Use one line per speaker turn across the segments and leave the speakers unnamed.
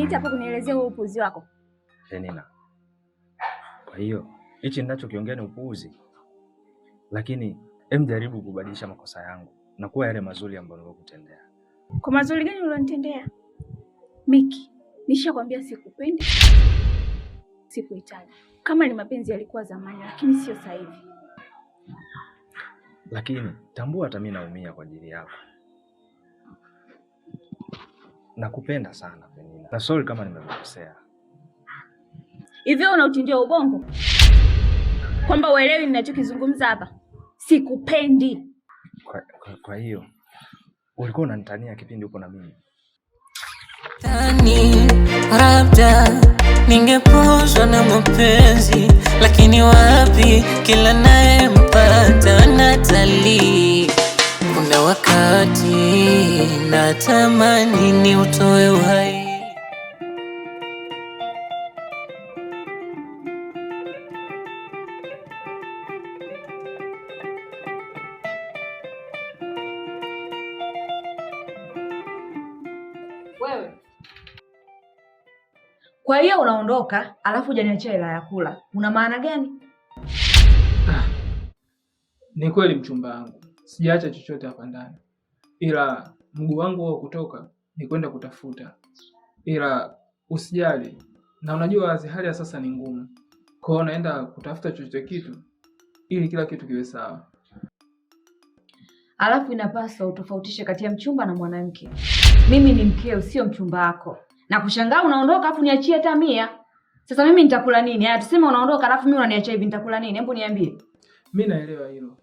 kuniita mm. hapo kunielezea huo upuuzi wako
Penina. Kwa hiyo hichi ninachokiongea ni upuuzi, lakini em, jaribu kubadilisha makosa yangu na kuwa yale mazuri ambayo nilikutendea.
Kwa mazuri gani ulionitendea Miki? Nishakwambia sikupendi, sikuhitaji. Kama ni mapenzi yalikuwa zamani, lakini sio sasa hivi.
Lakini tambua hata mimi naumia kwa ajili yako. Nakupenda sana Penina, na sorry kama nimekukosea.
Hivyo unautindia ubongo kwamba uelewi ninachokizungumza hapa? Sikupendi.
Kwa hiyo ulikuwa unanitania kipindi uko na mimi? Tani labda ningepozwa na mapenzi, lakini wapi, kila naye mpata natalii wakati natamani
ni utoe uhai wewe. Kwa hiyo unaondoka, alafu hujaniachia hela ya kula, una maana gani? Ah,
ni kweli mchumba wangu sijaacha chochote hapa ndani, ila mguu wangu wa kutoka ni kwenda kutafuta, ila usijali, na unajua wazi hali ya sasa ni ngumu, kwa hiyo naenda kutafuta chochote kitu ili kila kitu kiwe sawa.
Alafu inapaswa utofautishe kati ya mchumba na mwanamke. Mimi ni mkeo, sio mchumba wako. Na kushangaa unaondoka afu niachie hata mia. Sasa mimi nitakula nini? Haya, tuseme unaondoka alafu mimi unaniacha hivi, nitakula nini? Hebu niambie.
Mimi naelewa hilo,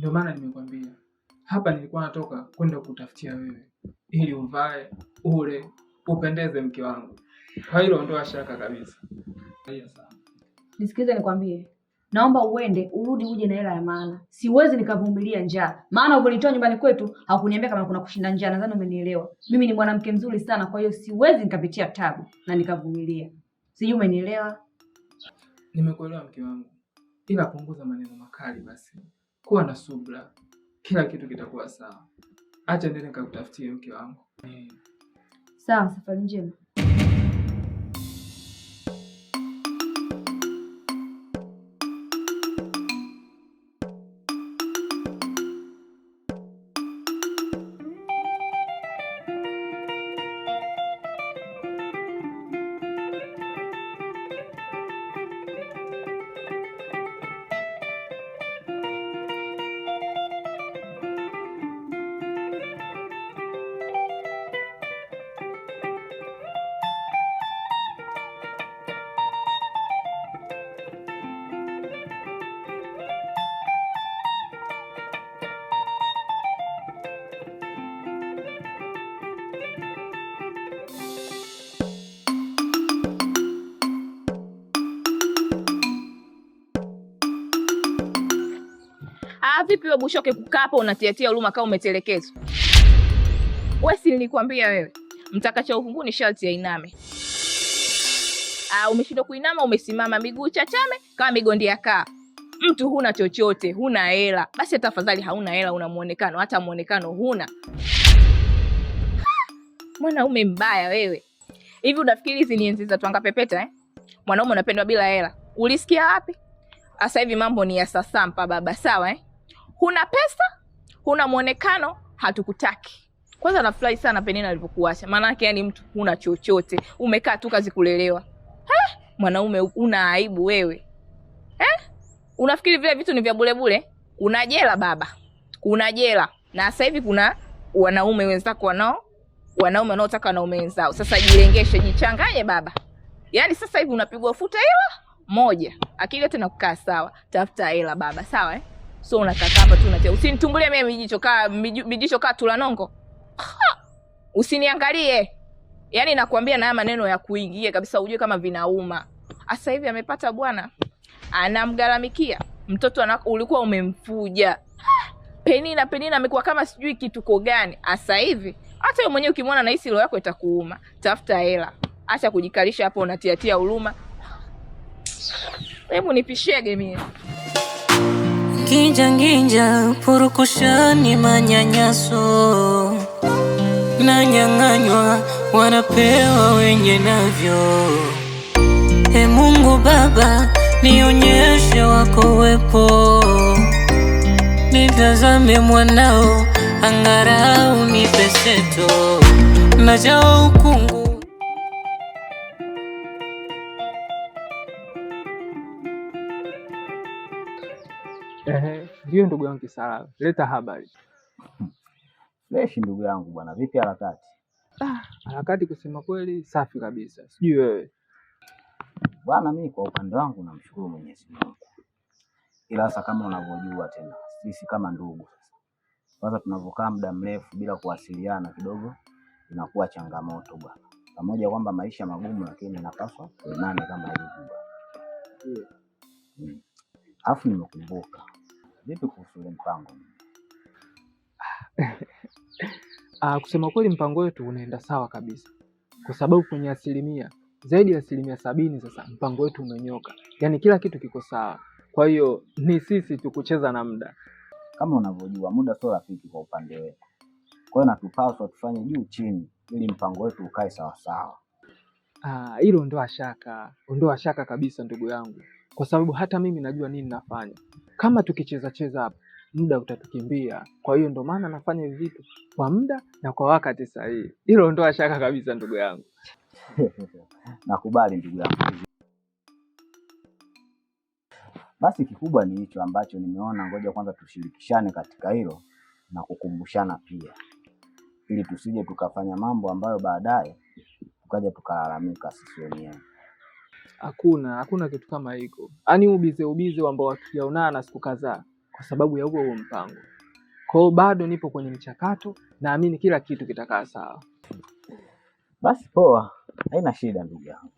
ndio maana nimekwambia hapa nilikuwa natoka kwenda kutafutia wewe ili uvae, ule, upendeze mke wangu. Kwa hilo ondoa shaka kabisa.
Nisikize nikwambie, naomba uende urudi uje na hela ya maana. Siwezi nikavumilia njaa, maana uvilitoa nyumbani kwetu hakuniambia kama kuna kushinda njaa. Nadhani umenielewa. Mimi ni mwanamke mzuri sana, kwa hiyo siwezi nikapitia tabu na nikavumilia. Sijui umenielewa?
Nimekuelewa mke wangu, ila punguza maneno makali basi kuwa na subra, kila kitu kitakuwa sawa. Acha nende nikakutafutie mke wangu.
Sawa, safari njema. Vipi wewe Bushoke, kukaa hapo unatiatia huruma kama umetelekezwa? Wewe si nilikwambia wewe, mtakacha ni sharti ya iname. Ah, umeshindwa kuinama, umesimama miguu chachame kama migondi ya kaa. Mtu huna chochote, huna hela. Basi hata afadhali hauna hela, una muonekano, hata muonekano huna. Mwanaume mbaya wewe. Hivi unafikiri hizi ni enzi za twanga pepeta eh? Mwanaume unapendwa bila hela. Ulisikia wapi? Sasa hivi mambo ni ya sasampa baba, sawa eh? huna pesa, huna mwonekano, hatukutaki. Kwanza nafurahi sana Penina alivyokuacha, maanake yani mtu huna chochote, umekaa tu kazi kulelewa. Eh, mwanaume una aibu wewe eh? Unafikiri vile vitu ni vya bulebule? Kuna jela baba, kuna jela. Na sasa hivi kuna wanaume wenzako wanao wanaume wanaotaka wanaume wenzao. Sasa jirengeshe, jichanganye baba. Yaani sasa hivi unapigwa futa hilo moja, akili yote na kukaa sawa, tafuta hela baba, sawa eh? So unakaa hapa tu unatia. Usinitumbulie mimi mijicho kaa mijicho kaa nongo. Usiniangalie. Yaani nakwambia na haya maneno ya kuingia kabisa ujue kama vinauma. Asa hivi amepata bwana. Anamgalamikia. Mtoto anaku, ulikuwa umemfuja. Penina Penina amekuwa kama sijui kitu kwa gani. Asa hivi hata wewe mwenyewe ukimwona na hisi roho yako itakuuma. Tafuta hela. Acha kujikalisha hapo unatiatia huruma. Hebu nipishie game. Kinjanginja, purukushani, manyanyaso na nyang'anywa, wanapewa wenye navyo. E Mungu Baba, nionyeshe wako wepo,
nitazame mwanao, angarau nipeseto, jao ukungu Hiyo ndugu yangu Kisarawe, leta habari.
Fresh ndugu yangu bwana, vipi harakati?
Ah, harakati kusema kweli safi kabisa, sijui wewe
bwana. Mimi kwa upande wangu namshukuru Mwenyezi Mungu, ila sasa kama unavyojua tena sisi kama ndugu kwanza tunavokaa muda mrefu bila kuwasiliana kidogo inakuwa changamoto bwana, pamoja kwamba maisha magumu, lakini inapaswa tuonane kama hivi bwana. Hmm. Alafu nimekumbuka Vipi kuhusu ule mpango?
Ah, kusema kweli mpango wetu unaenda sawa kabisa, kwa sababu kwenye asilimia zaidi ya asilimia sabini sasa mpango wetu umenyoka, yaani kila kitu kiko sawa. Kwa hiyo ni sisi tu kucheza na muda.
Kama unavyojua muda sio rafiki kwa upande wetu, kwa hiyo natupaswa tufanye juu chini ili mpango wetu ukae sawasawa.
Ah, hilo ndoa shaka, ndoa shaka kabisa ndugu yangu, kwa sababu hata mimi najua nini nafanya, kama tukicheza cheza hapa, muda utatukimbia. Kwa hiyo ndo maana nafanya hivi vitu kwa muda na kwa wakati sahihi. Hilo ndoa shaka kabisa, ndugu yangu.
Nakubali ndugu yangu. Basi kikubwa ni hicho ambacho nimeona, ngoja kwanza tushirikishane katika hilo na kukumbushana pia, ili tusije tukafanya mambo ambayo baadaye tukaja tukalalamika sisi wenyewe.
Hakuna, hakuna kitu kama hiko, yaani ubize ubize ambao hatujaonana siku kadhaa kwa sababu ya huo huo mpango. Kwa hiyo bado nipo kwenye mchakato, naamini kila kitu kitakaa sawa.
Basi poa, haina shida ndugu yangu.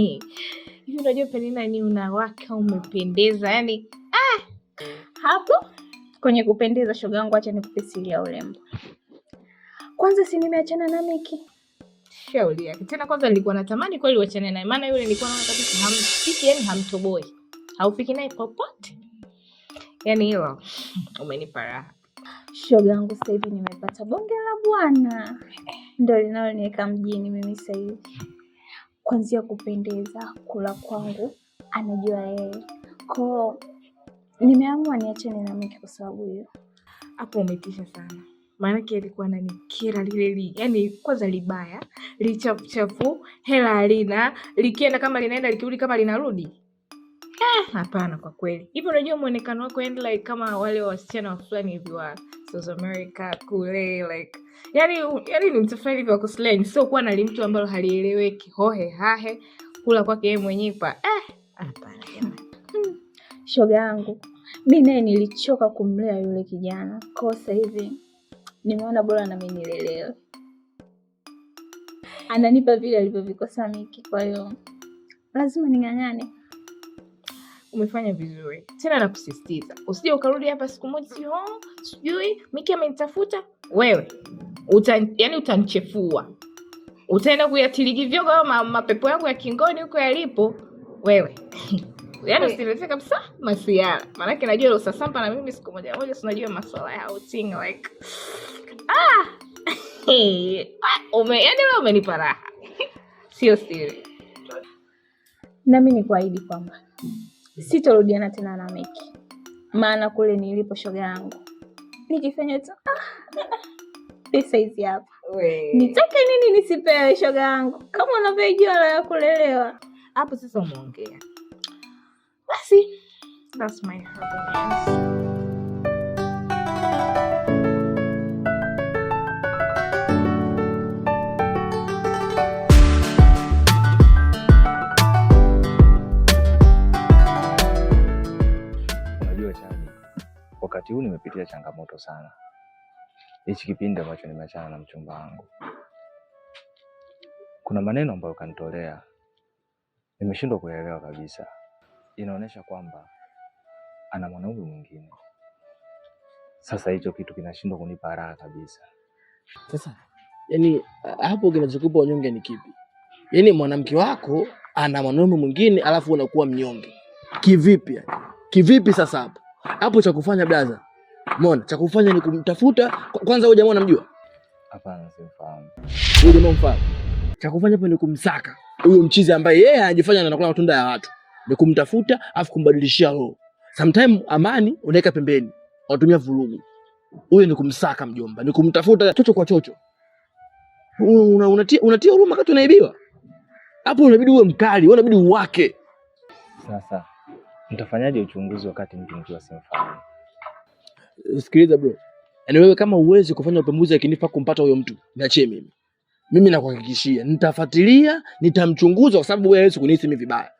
hivi unajua Penina ni unawaka umependeza, yani ah! hapo kwenye kupendeza, shoga yangu, acha nikupe siri ya urembo kwanza. Si nimeachana na Miki, shauri yake tena. Kwanza nilikuwa natamani kweli uachane naye, maana yule nilikuwa naona kabisa hamfiki, yani hamtoboi, haufiki naye popote, yani hilo umenipa raha
shoga yangu. Sasa hivi nimepata bonge la bwana, ndio linaloniweka mjini mimi sasa hivi kuanzia kupendeza, kula kwangu anajua yeye koo. Nimeamua niache mke kwa sababu hiyo.
Hapo umetisha sana, maanake alikuwa ananikera lile li, yani kwanza libaya lichafuchafu, hela halina, likienda kama linaenda, likirudi kama linarudi. Eh. Hapana, kwa kweli. Hivi unajua mwonekano wako yaani like kama wale wasichana wa fulani hivi wa South America kule like yani, yani ni utafeli vya kusleni, sio kuwa na mtu ambalo halieleweki hohe hahe kula kwake yeye mwenyewe pa eh, hapana jamani. Hmm,
shoga yangu mi naye nilichoka kumlea yule kijana kwa sasa hivi nimeona bora nami nilelewe. Ananipa vile alivyovikosa Miki, kwa hiyo lazima ning'ang'ane
umefanya vizuri tena, na kusistiza usije ukarudi hapa siku moja, sijui Miki amenitafuta wewe uta, yani utanchefua utaenda kuyatirigivyogo ma, mapepo yangu ya kingoni huko yalipo wewe yani usilete kabisa masiara, maanake najua usasampa na mimi siku moja moja, si unajua maswala ya outing like ah, ume, yani umenipa raha, sio siri,
nami kuahidi kwamba sitorudiana tena na Meki, maana kule nilipo shoga yangu nikifanya tu pesa ah, ah, ah, hizi hapa, nitake nini nisipewe? Shoga yangu kama unavyojua la ya kulelewa
hapo. Sasa umeongea basi, that's my happiness.
wakati huu nimepitia changamoto sana, hichi kipindi ambacho nimeachana na mchumba wangu. Kuna maneno ambayo kanitolea, nimeshindwa kuelewa kabisa. Inaonyesha kwamba ana mwanaume mwingine. Sasa hicho kitu kinashindwa kunipa raha kabisa.
Sasa yani hapo kinachokupa unyonge ni kipi? Yaani mwanamke wako ana mwanaume mwingine alafu unakuwa mnyonge kivipi? Kivipi sasa hapo? hapo cha kufanya blaza. Umeona? Cha kufanya ni kumtafuta kwanza huyo jamaa unamjua?
Hapana, simfahamu.
Huyo jamaa mfahamu. Cha kufanya hapo ni kumsaka huyo mchizi ambaye yeye yeah, anajifanya anakula matunda ya watu. Ni kumtafuta afu kumbadilishia roho. Sometimes amani unaweka pembeni. Unatumia vurugu. Huyo ni kumsaka mjomba, ni kumtafuta chocho kwa chocho. Una, unatia unatia huruma wakati unaibiwa. Hapo unabidi uwe mkali, wewe unabidi uwake.
Sasa Mtafanyaje uchunguzi wakati mtu mkiwa simfahamu?
Sikiliza bro, yaani wewe kama uwezi kufanya upembuzi akinipa kumpata huyo mtu, niachie mimi. Mimi nakuhakikishia nitafuatilia, nitamchunguza kwa sababu wewe hawezi kunihisi mimi vibaya.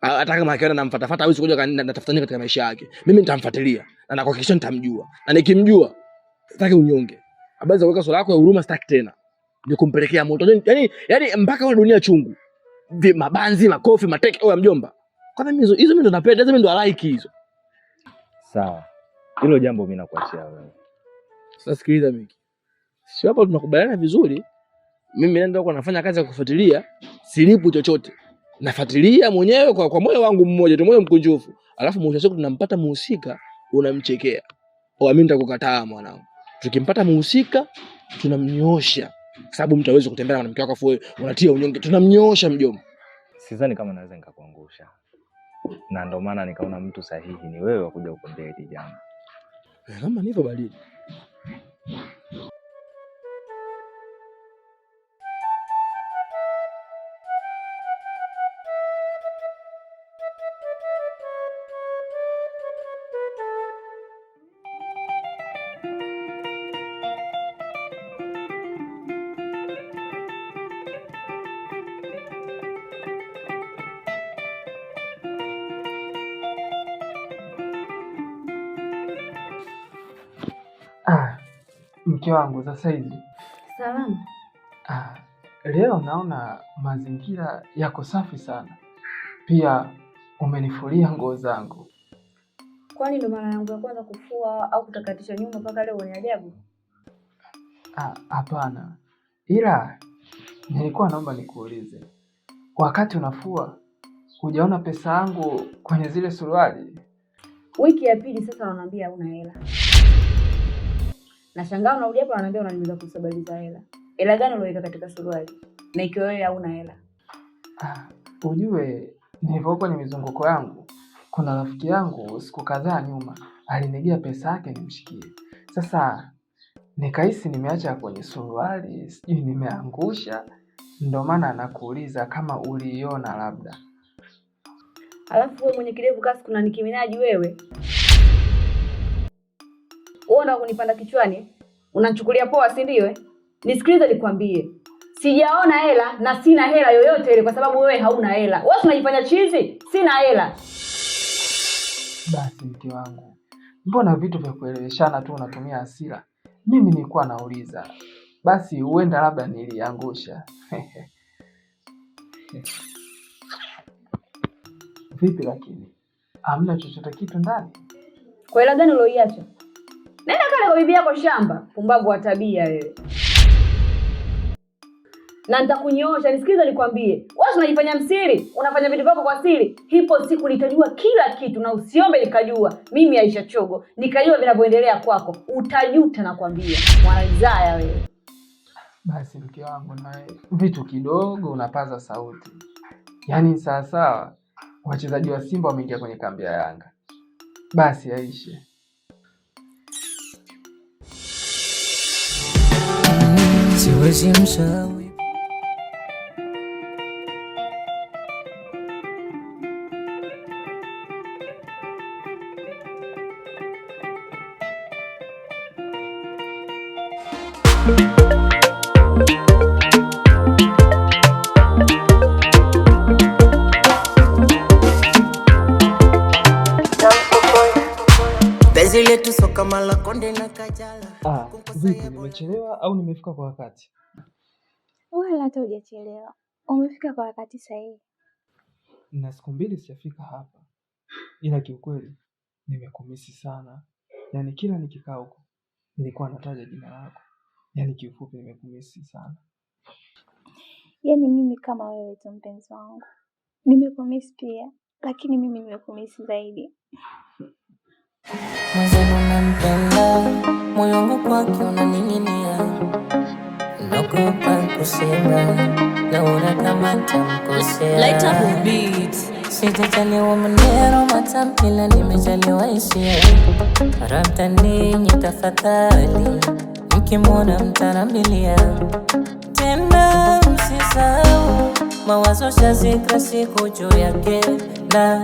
Hata kama akiona namfatafata hawezi kuja natafutania katika maisha yake. Mimi nitamfuatilia na nakuhakikishia nitamjua. Na nikimjua sitaki unyonge. Habari za kuweka sura yako ya huruma sitaki tena. Ni kumpelekea moto. Yaani yaani, yaani mpaka ile dunia chungu. Vi Mabanzi, makofi, mateke au mjomba. Kwanza hizo hizo mimi ndo napenda, hizo mimi ndo like hizo.
Sawa. Hilo jambo mimi nakuachia wewe.
Sasa sikiliza Miki. Sio hapa tunakubaliana vizuri. Mimi naenda huko nafanya kazi ya kufuatilia, silipu chochote. Nafuatilia mwenyewe kwa kwa moyo wangu mmoja, tu moyo mkunjufu. Alafu mwisho siku tunampata muhusika unamchekea. au mimi nitakukataa mwanangu. Tukimpata muhusika tunamnyosha, Kwa sababu hawezi kutembea na mke wako afu unatia unyonge. tunamnyosha mjomba.
Sidhani kama naweza nikakuangusha na ndio maana nikaona mtu sahihi ni wewe wakuja kukombea hili jambo.
Eh, kama nivyo baridi
Mke wangu sasa hivi
salama? Ah,
leo naona mazingira yako safi sana, pia umenifulia nguo zangu.
Kwani ndo mara yangu ya kwanza kufua au kutakatisha nyumba mpaka leo? Ni ajabu.
Ah, hapana, ila nilikuwa naomba nikuulize, wakati unafua hujaona pesa yangu kwenye zile suruali?
Wiki ya pili sasa, wanaambia hauna hela. Nashangaa unarudi hapa unaniambia unaniuliza kuhusu habari za hela. Hela gani uliweka katika suruali? Na ikiwa wewe hauna hela.
Ah, ujue nilivyokuwa kwenye mizunguko yangu, kuna rafiki yangu siku kadhaa nyuma alinigia pesa yake nimshikie. Sasa nikahisi nimeacha kwenye suruali, sijui nimeangusha, ndio maana nakuuliza kama uliiona labda.
Alafu wewe mwenye kidevu kasi kuna nikiminaji wewe unataka kunipanda kichwani, Unanchukulia poa, si ndio? Eh? nisikilize nikwambie, sijaona hela na sina hela yoyote ile, kwa sababu wewe hauna hela. Wewe unajifanya chizi, sina hela.
Basi mke wangu, mbona vitu vya kueleweshana tu unatumia hasira? Mimi nilikuwa nauliza, basi huenda labda niliangusha. Vipi lakini, amna chochote kitu ndani?
Kwa hela gani ulioiacha? Nenda kale kwa bibi yako shamba, pumbavu wa tabia wewe. Na nitakunyoosha, nisikiza nikwambie. Wewe unajifanya msiri, unafanya vitu vyako kwa siri. Hipo siku nitajua kila kitu na usiombe nikajua. Mimi Aisha Chogo, nikajua vinavyoendelea kwako. Utajuta nakwambia. Mwanaizaya wewe.
Basi mke wangu naye vitu kidogo unapaza sauti. Yaani sawa sawa. Wachezaji wa Simba wameingia kwenye kambi ya Yanga. Basi Aisha. 学会心生。Ah, nimechelewa au nimefika kwa wakati?
Wala hata hujachelewa, umefika kwa wakati sahihi.
Na siku mbili sijafika hapa, ila kiukweli nimekumisi sana. Yaani kila nikikaa huko nilikuwa nataja jina lako, yaani kiufupi nimekumisi sana.
Yaani mimi kama wewe tu, mpenzi wangu, nimekumisi pia, lakini mimi nimekumisi zaidi. Mwenzenu nampenda, moyo wangu kwake unaning'inia, naogopa kusema, naona kama nitamkosea. Sijajaliwa maneno matamu, ila nimejaliwa hisia. Rabtanini tafadhali, mkimwona mtanambilia. Tena msisahau mawazo shazikra siku juu yake na